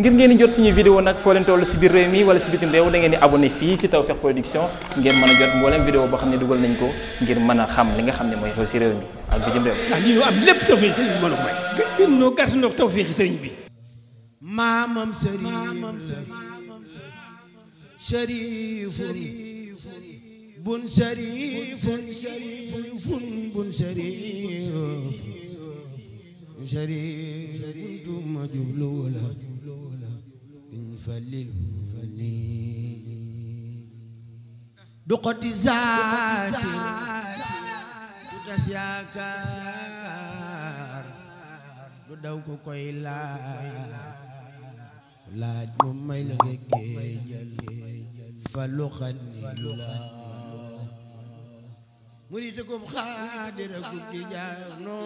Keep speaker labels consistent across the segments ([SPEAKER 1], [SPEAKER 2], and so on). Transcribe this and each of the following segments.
[SPEAKER 1] ngir ngeen jot suñu vidéo nag foo leen toll si biir réew mi wala si bitim réew da ngeen di abonné fii si Tawfekh Production ngeen mën a jot mboolem vidéo boo xam ne dugal nañ ko ngir mën a xam li nga xam ne mooy xew si réew mi ak bitim réew. am lépp Tawfekh sëriñ bi mën a may. gën noo bi. maamam sëriñ sëriñ. bun sharifun sharifun bun sharif sharif du xoti zaati du tas yaakaar du daw ko koy laaj mu may la nga géejal falu xani la murite kum xaadira kum ci jaano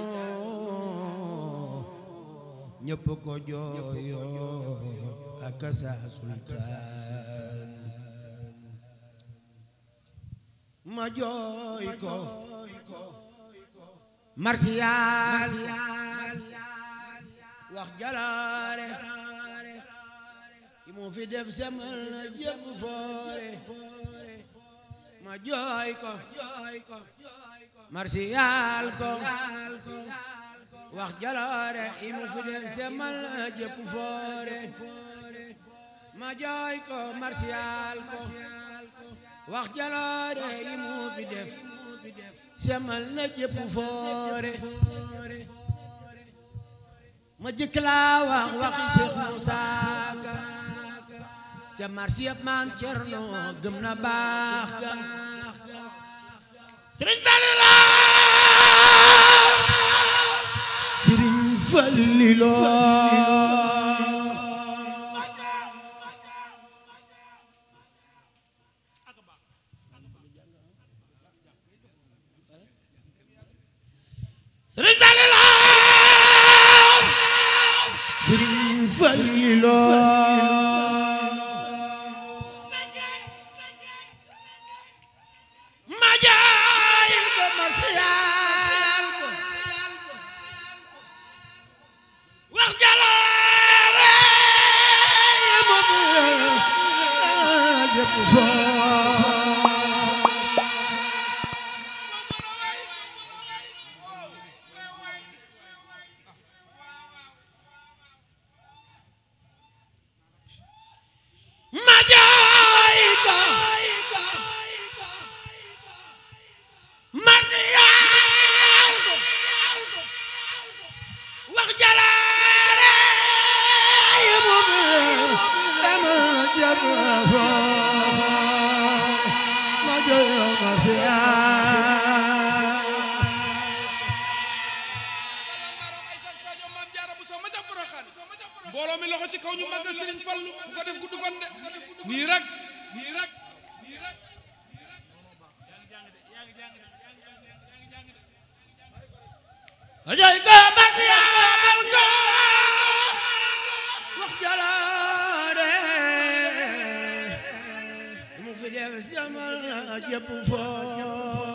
[SPEAKER 1] ñëpp ko jooyoo هكذا سلطان ما جويكو مرسيال wax jalaare yi mu fi def semal na jëpp foore ma jooy ko marsiyaal ko wax jalaare yi mu fi def semal na jëpp foore ma jooy ko marsiyaal ko wax jaloore yi mu fi def semal na jëpp foore ma jëkk laa wax waxi Cheikh Moussa Ka ca marsiyab maam Cerno gëm na baax ga sëriñ Fallilu sëriñ Fallilu faliloo jëpp mbooloo mi loxo ci kaw ñu màggal Serigne Fallou bu ko def gudd fan de nii rek nii rek nii rek ajay ko matiyal ko wax jaloore mu fi def samal na jëpp foo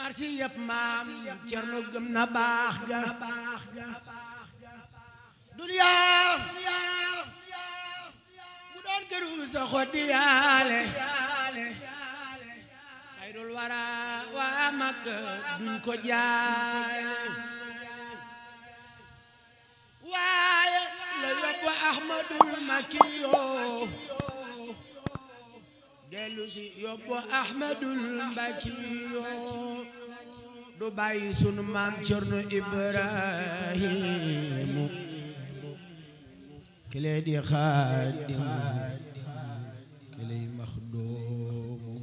[SPEAKER 1] marsi yëpp maam cerno gëm na baax ga duniyaa bu doon këru sa xoddi yaale xayrul wara waa mag duñ ko jaale waaye la yóbbu ahmadul makki yóbbu ahmadul mbakiyo du bàyyi sunu maam cerno ibrahimu kile di xaadimu kile maxdoomu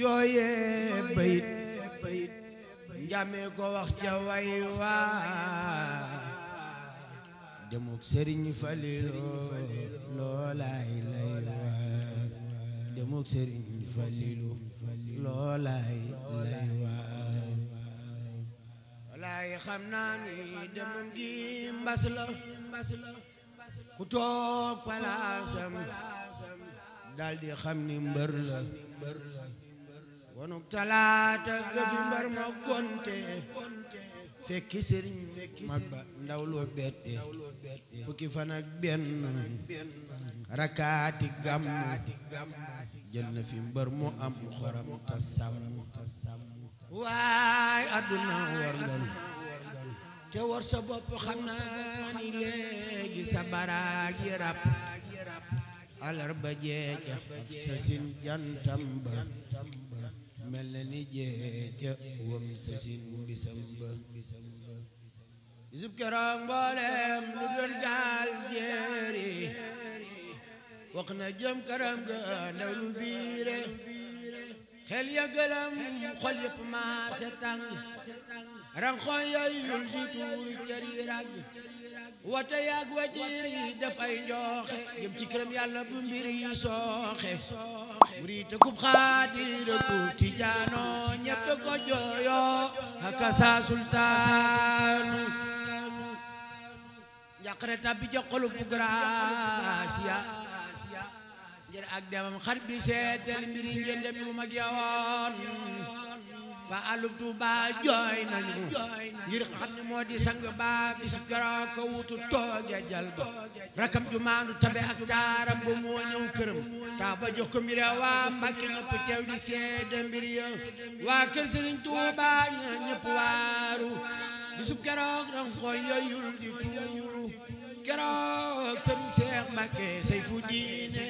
[SPEAKER 1] yooye bayit njamee ko wax ca way waa demuk sëriñ Falilu loolaay mook sëriñ Falilu loolaay lay waay xam naa ni demam gi mbas la palaasam daal di xam ni mbër la wonuk talaata ga fi mbër fekki sëriñ mag ba ndaw bette fukki fan ak benn rakaati gàmmu jël na fi mbër mu am xoram ta sàmm waay àdduna war ngal te war sa bopp xam naa ni léegi sa baraag yi ràpp alarba jeeja af sa sin jantam ba mel na ni jee ca wam sasin bisam ba bisub keroog mboolem lu doon gaal jéeri wax na jëm këram ga ndaw lu biire xel ya gëlëm xol yëpp maase tàng ranxoy yooyul di tuur jëri rag wate yaag wajiir yi dafay njooxe jëm ci këram yàlla bu mbir yi sooxe muriite kub xaadira ku tijaano ñépp ko jooyoo haka saa sultaanu njaqare tabbi joxolu bu gracia ngir ak demam xar bi seetal mbiri njëndam yu mag fa alub Tuuba jooy nañu ngir xam ne moo di sang ba bis garaaw wutu tooge jal rakam ju tabe ak taaram bu moo ñëw këram taa ba jox ko mbiri waa Mbàkke di seede mbiri waa kër Sëriñ Tuuba ñëpp waaru bisub garaaw ram xooy yoyul tuuru keroog sëriñ Seex Mbàkke say fu diine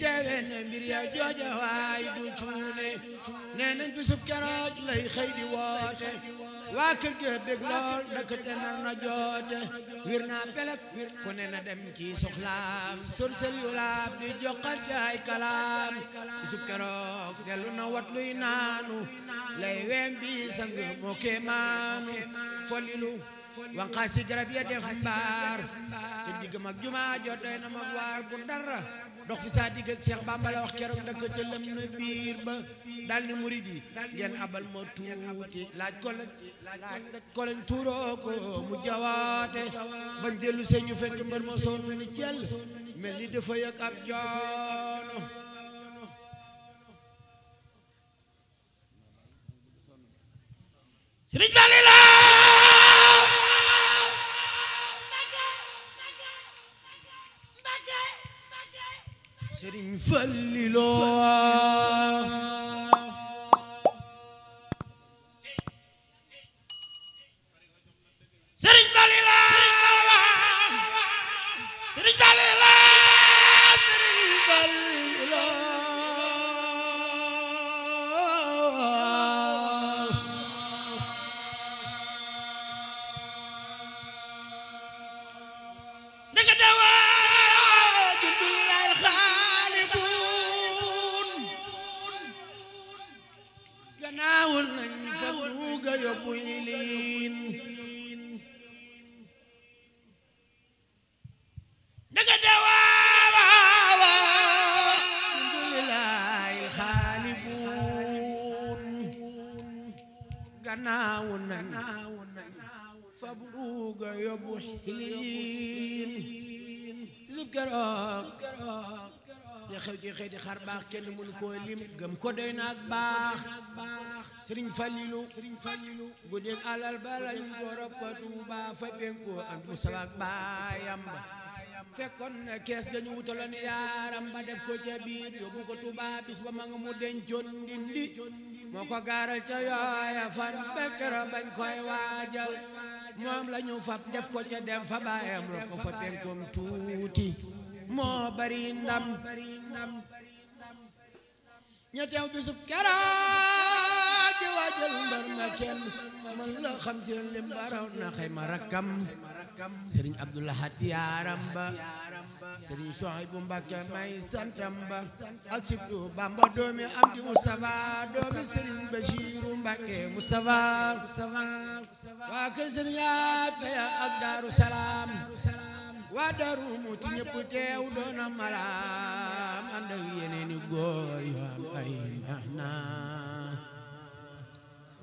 [SPEAKER 1] teewe na mbir ya jooja waay du cuune bisub keroog lay xëy di woote waa kër gi bég lool dëkk te nar na joote wir naa pelek ku ne dem ci soxlaam sorsel yu laab di joxante ay kalaam bisub keroog dellu na wat luy naanu lay wem bi sang moo kee folilu wanqaas si garab ya def mbaar te digg mag jumaa jot doy na mag waar bu dara dox fi saa digg ak Seex Bàmba la wax keroog dëkk ca lëm na biir ba dal ni murid yi ngeen abal ma tuuti laaj ko tuuroo ko mu jawaate bañ dellu seen ñu fekk mbër ma soon ni jël mel ni dafa yëg ab joono sëriñ Fallu la falliloo أبروق يبو حليين ذكرى li xew ci xeeti xar baax kenn mënu koo lim gëm ko doy naag baax sëriñ falilu sëriñ falilu guddeen alal ba lañ ko rokkatu baa fa bénkoo ak bu sabak baayam ba fekkoon na kees ga ñu wutaloon yaaram ba def ko ca biir yóbbu ko tubaa bis ba ma nga mu dencoon ndindi moo ko gaaral ca yooya fan bekkara bañ koy waajal moom la ñu fab ko ca fa baayam rok ko fa tuuti moo bari ndam ña teew bisub karaag wajal ndar man la xam seen lim baraw na xayma rakkam sëriñ abdoulahat yaaram ba sëriñ Souhaïbou Mbacké may santam ba ak bamba doomi abdi moustapha doomi sëriñ bachiru Mbacké moustapha waa kër sëriñ faya ak daaru salaam waa daaru mu ci ñëpp teew doona malaam ànd ak yeneeni góor yu ay ahnaam